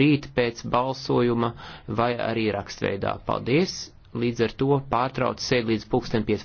rīt pēc balsojuma vai arī rakstveidā. Paldies! Līdz ar to pārtrauc sēd līdz pulksten 15.